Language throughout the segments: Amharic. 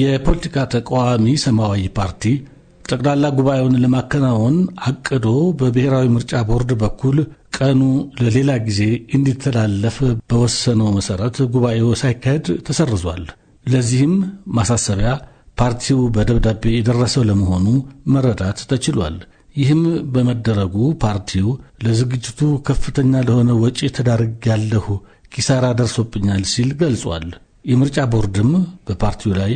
የፖለቲካ ተቃዋሚ ሰማያዊ ፓርቲ ጠቅላላ ጉባኤውን ለማከናወን አቅዶ በብሔራዊ ምርጫ ቦርድ በኩል ቀኑ ለሌላ ጊዜ እንዲተላለፍ በወሰነው መሰረት ጉባኤው ሳይካሄድ ተሰርዟል። ለዚህም ማሳሰቢያ ፓርቲው በደብዳቤ የደረሰው ለመሆኑ መረዳት ተችሏል። ይህም በመደረጉ ፓርቲው ለዝግጅቱ ከፍተኛ ለሆነ ወጪ ያለሁ ኪሳራ ደርሶብኛል ሲል ገልጿል። የምርጫ ቦርድም በፓርቲው ላይ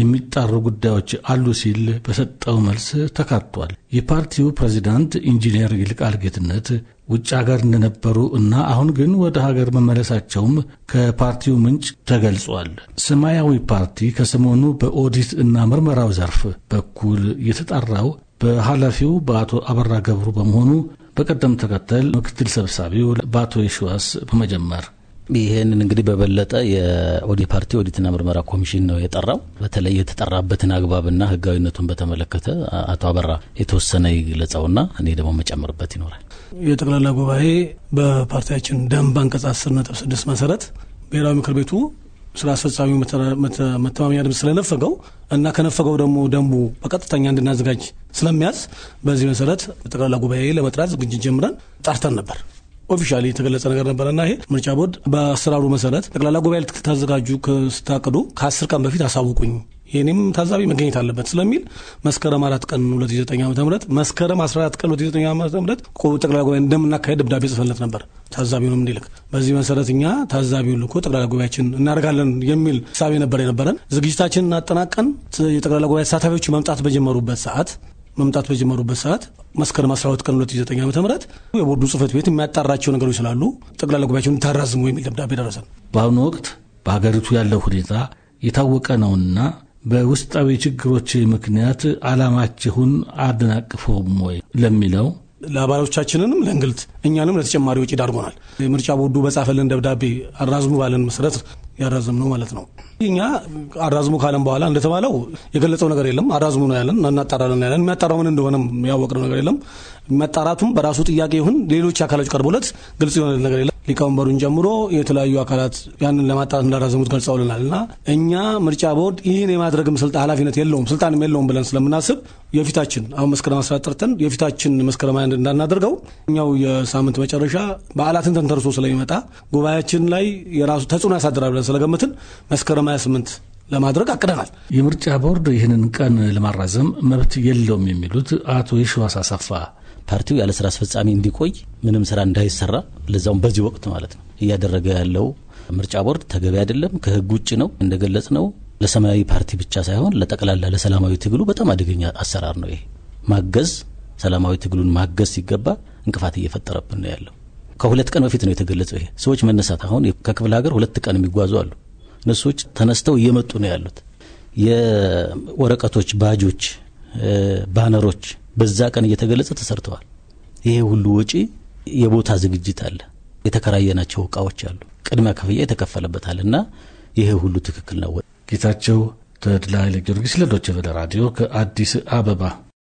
የሚጣሩ ጉዳዮች አሉ ሲል በሰጠው መልስ ተካቷል። የፓርቲው ፕሬዚዳንት ኢንጂነር ይልቃል ጌትነት ውጭ ሀገር እንደነበሩ እና አሁን ግን ወደ ሀገር መመለሳቸውም ከፓርቲው ምንጭ ተገልጿል። ሰማያዊ ፓርቲ ከሰሞኑ በኦዲት እና ምርመራው ዘርፍ በኩል የተጣራው በኃላፊው በአቶ አበራ ገብሩ በመሆኑ በቀደም ተከተል ምክትል ሰብሳቢው በአቶ የሸዋስ በመጀመር ይህንን እንግዲህ በበለጠ የኦዲ ፓርቲ ኦዲትና ምርመራ ኮሚሽን ነው የጠራው። በተለይ የተጠራበትን አግባብና ህጋዊነቱን በተመለከተ አቶ አበራ የተወሰነ ይግለጸውና እኔ ደግሞ መጨምርበት ይኖራል። የጠቅላላ ጉባኤ በፓርቲያችን ደንብ አንቀጽ አስር ነጥብ ስድስት መሰረት ብሔራዊ ምክር ቤቱ ስራ አስፈጻሚው መተማመኛ ድምፅ ስለነፈገው እና ከነፈገው ደግሞ ደንቡ በቀጥተኛ እንድናዘጋጅ ስለሚያዝ በዚህ መሰረት ጠቅላላ ጉባኤ ለመጥራት ዝግጅት ጀምረን ጣርተን ነበር። ኦፊሻሊ የተገለጸ ነገር ና ይሄ ምርጫ ቦርድ በአሰራሩ መሰረት ጠቅላላ ጉባኤ ልታዘጋጁ ስታቅዱ ከአስር ቀን በፊት አሳውቁኝ የኔም ታዛቢ መገኘት አለበት ስለሚል መስከረም አራት ቀን 2009 ዓ ም መስከረም 14 ቀን 2009 ዓ ም ጠቅላላ ጉባኤ እንደምናካሄድ ደብዳቤ ጽፈለት ነበር ታዛቢውንም እንዲልክ። በዚህ መሰረት እኛ ታዛቢውን ልኮ ጠቅላላ ጉባኤያችን እናደርጋለን የሚል ሳቤ ነበር የነበረን። ዝግጅታችንን አጠናቀን የጠቅላላ ጉባኤ ተሳታፊዎች መምጣት በጀመሩበት ሰዓት መምጣት በጀመሩበት ሰዓት መስከረም 12 ቀን 2009 ዓ ም የቦርዱ ጽህፈት ቤት የሚያጣራቸው ነገሮች ስላሉ ጠቅላላ ጉባኤያቸውን ታራዝሙ የሚል ደብዳቤ ደረሰን። በአሁኑ ወቅት በሀገሪቱ ያለው ሁኔታ የታወቀ ነውና በውስጣዊ ችግሮች ምክንያት ዓላማችሁን አደናቅፈውም ወይ ለሚለው ለአባሎቻችንንም ለእንግልት እኛንም ለተጨማሪ ወጪ ዳርጎናል። የምርጫ ቦርዱ በጻፈልን ደብዳቤ አራዝሙ ባለን መሰረት ያራዘም ነው ማለት ነው። እኛ አራዝሙ ካለን በኋላ እንደተባለው የገለጸው ነገር የለም። አራዝሙ ነው ያለን፣ እናጣራለን ያለን። የሚያጣራው ምን እንደሆነም የሚያወቅነው ነገር የለም። መጣራቱም በራሱ ጥያቄ ይሁን ሌሎች አካሎች ቀርቦለት ግልጽ የሆነ ነገር የለም። ሊቀመንበሩን ጨምሮ የተለያዩ አካላት ያንን ለማጣራት እንዳራዘሙት ገልጸውልናል እና እኛ ምርጫ ቦርድ ይህን የማድረግም ስልጣ ኃላፊነት የለውም ስልጣንም የለውም ብለን ስለምናስብ የፊታችን አሁን መስከረም አስራ ጠርተን የፊታችን መስከረም አንድ እንዳናደርገው እኛው የሳምንት መጨረሻ በዓላትን ተንተርሶ ስለሚመጣ ጉባኤያችን ላይ የራሱ ተጽዕኖ ያሳድራል ብለን ብለን ስለገምትን መስከረም 28 ለማድረግ አቅደናል። የምርጫ ቦርድ ይህንን ቀን ለማራዘም መብት የለውም የሚሉት አቶ የሸዋስ አሰፋ ፓርቲው ያለ ስራ አስፈጻሚ እንዲቆይ ምንም ስራ እንዳይሰራ ለዛውም በዚህ ወቅት ማለት ነው እያደረገ ያለው ምርጫ ቦርድ ተገቢ አይደለም፣ ከህግ ውጭ ነው። እንደገለጽ ነው ለሰማያዊ ፓርቲ ብቻ ሳይሆን ለጠቅላላ ለሰላማዊ ትግሉ በጣም አደገኛ አሰራር ነው ይሄ። ማገዝ ሰላማዊ ትግሉን ማገዝ ሲገባ እንቅፋት እየፈጠረብን ነው ያለው። ከሁለት ቀን በፊት ነው የተገለጸው። ይሄ ሰዎች መነሳት አሁን ከክፍለ ሀገር ሁለት ቀን የሚጓዙ አሉ። እነሶች ተነስተው እየመጡ ነው ያሉት። የወረቀቶች ባጆች፣ ባነሮች በዛ ቀን እየተገለጸ ተሰርተዋል። ይሄ ሁሉ ወጪ የቦታ ዝግጅት አለ፣ የተከራየናቸው እቃዎች አሉ፣ ቅድመ ክፍያ የተከፈለበታል እና ይሄ ሁሉ ትክክል ነው። ጌታቸው ተድላ ኃይለ ጊዮርጊስ ለዶይቼ ቬለ ራዲዮ ከአዲስ አበባ